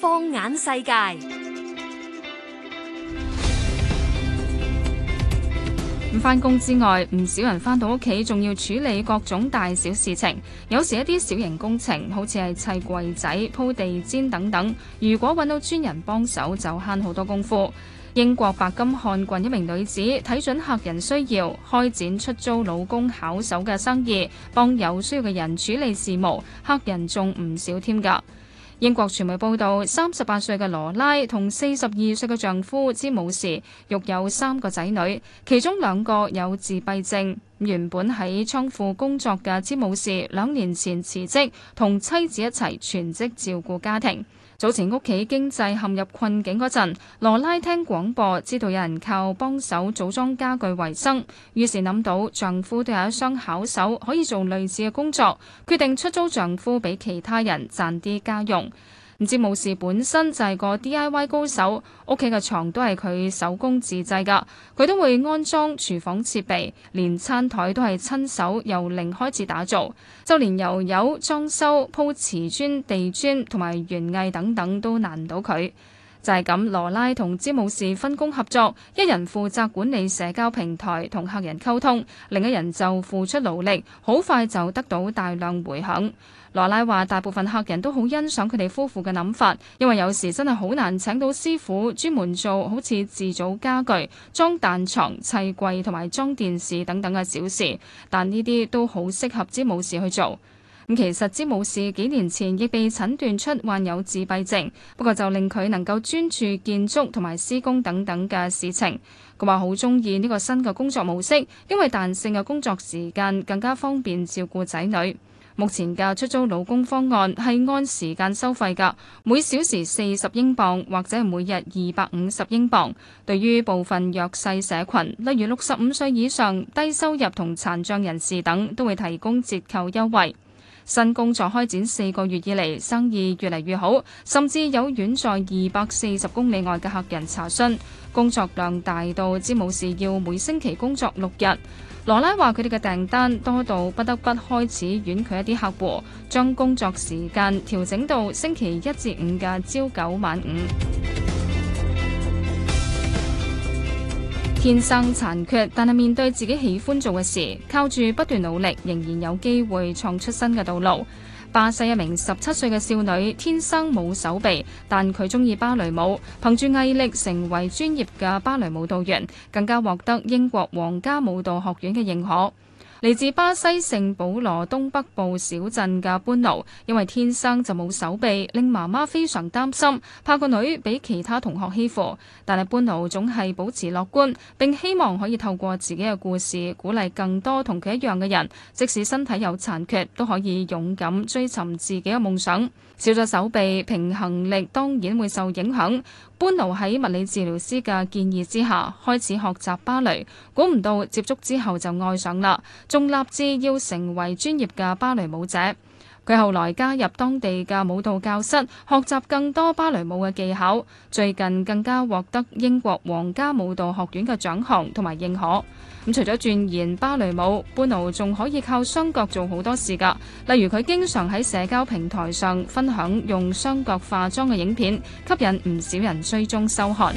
放眼世界，咁返工之外，唔少人返到屋企仲要處理各種大小事情。有時一啲小型工程，好似係砌櫃仔、鋪地氈等等，如果揾到專人幫手，就慳好多功夫。英國白金漢郡一名女子睇準客人需要，開展出租老公巧手嘅生意，幫有需要嘅人處理事務，客人仲唔少添噶。英國傳媒報道，三十八歲嘅羅拉同四十二歲嘅丈夫詹姆士育有三個仔女，其中兩個有自閉症。原本喺倉庫工作嘅詹姆士兩年前辭職，同妻子一齊全職照顧家庭。早前屋企經濟陷入困境嗰陣，羅拉聽廣播知道有人靠幫手組裝家具為生，於是諗到丈夫都有一雙巧手，可以做類似嘅工作，決定出租丈夫俾其他人賺啲家用。唔知武士本身就係個 D.I.Y. 高手，屋企嘅床都係佢手工自製㗎，佢都會安裝廚房設備，連餐台都係親手由零開始打造，就連油油裝修、鋪瓷磚、地磚同埋園藝等等都難唔到佢。就係咁，羅拉同詹姆士分工合作，一人負責管理社交平台同客人溝通，另一人就付出努力，好快就得到大量回響。羅拉話：大部分客人都好欣賞佢哋夫婦嘅諗法，因為有時真係好難請到師傅專門做好似自組家具、裝彈床、砌櫃同埋裝電視等等嘅小事，但呢啲都好適合詹姆士去做。其實，詹姆士幾年前亦被診斷出患有自閉症，不過就令佢能夠專注建築同埋施工等等嘅事情。佢話好中意呢個新嘅工作模式，因為彈性嘅工作時間更加方便照顧仔女。目前嘅出租老公方案係按時間收費㗎，每小時四十英鎊或者每日二百五十英鎊。對於部分弱勢社群，例如六十五歲以上、低收入同殘障人士等，都會提供折扣優惠。新工作開展四個月以嚟，生意越嚟越好，甚至有遠在二百四十公里外嘅客人查詢。工作量大到詹姆斯要每星期工作六日。羅拉話：佢哋嘅訂單多到不得不開始婉拒一啲客戶，將工作時間調整到星期一至五嘅朝九晚五。天生殘缺，但係面對自己喜歡做嘅事，靠住不斷努力，仍然有機會創出新嘅道路。巴西一名十七歲嘅少女天生冇手臂，但佢中意芭蕾舞，憑住毅力成為專業嘅芭蕾舞蹈員，更加獲得英國皇家舞蹈學院嘅認可。嚟自巴西聖保羅東北部小鎮嘅班奴，因為天生就冇手臂，令媽媽非常擔心，怕個女俾其他同學欺負。但係班奴總係保持樂觀，並希望可以透過自己嘅故事，鼓勵更多同佢一樣嘅人，即使身體有殘缺，都可以勇敢追尋自己嘅夢想。少咗手臂，平衡力當然會受影響。班奴喺物理治療師嘅建議之下，開始學習芭蕾，估唔到接觸之後就愛上啦。仲立志要成為專業嘅芭蕾舞者，佢後來加入當地嘅舞蹈教室，學習更多芭蕾舞嘅技巧。最近更加獲得英國皇家舞蹈學院嘅獎項同埋認可。咁除咗鑽研芭蕾舞，潘奴仲可以靠雙腳做好多事㗎，例如佢經常喺社交平台上分享用雙腳化妝嘅影片，吸引唔少人追蹤收看。